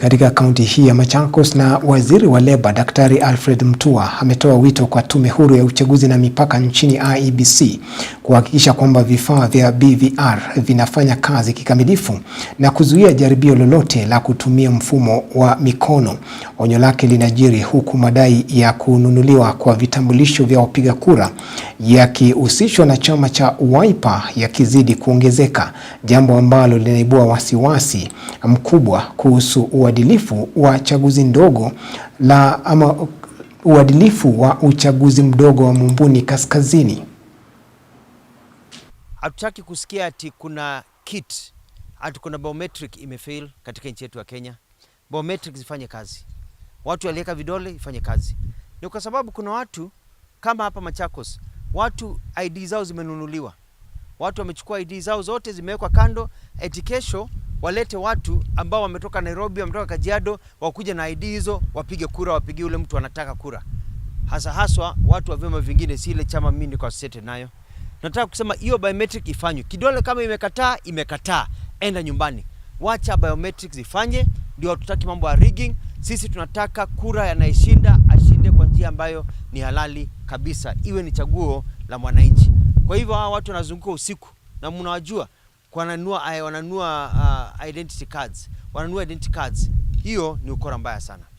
Katika kaunti hii ya Machakos na waziri wa leba Daktari Alfred Mutua ametoa wito kwa tume huru ya uchaguzi na mipaka nchini IEBC kuhakikisha kwamba vifaa vya BVR vinafanya kazi kikamilifu na kuzuia jaribio lolote la kutumia mfumo wa mikono. Onyo lake linajiri huku madai ya kununuliwa kwa vitambulisho vya wapiga kura yakihusishwa na chama cha Wiper yakizidi kuongezeka, jambo ambalo linaibua wasiwasi mkubwa kuhusu uadilifu wa chaguzi ndogo la ama uadilifu wa uchaguzi mdogo wa Mumbuni Kaskazini. Hatutaki kusikia ati kuna kit ati kuna biometric imefail katika nchi yetu ya Kenya. Biometric zifanye kazi, watu walieka vidole ifanye kazi. Ni kwa sababu kuna watu kama hapa Machakos, watu ID zao zimenunuliwa, watu wamechukua ID zao zote zimewekwa kando, eti kesho walete watu ambao wametoka Nairobi, wametoka Kajiado, wakuja na ID hizo, wapige kura, wapigie ule mtu anataka kura, hasa haswa watu wa vyama vingine, si ile chama mimi niko sete nayo. Nataka kusema hiyo biometric ifanywe. Kidole kama imekataa, imekataa, enda nyumbani, wacha biometrics ifanye, ndio hatutaki mambo ya rigging. Sisi tunataka kura yanayeshinda ashinde kwa njia ambayo ni halali kabisa, iwe ni chaguo la mwananchi. Kwa hivyo hawa watu wanazunguka usiku na mnawajua wananua uh, identity cards, wananua identity cards. Hiyo ni ukora mbaya sana.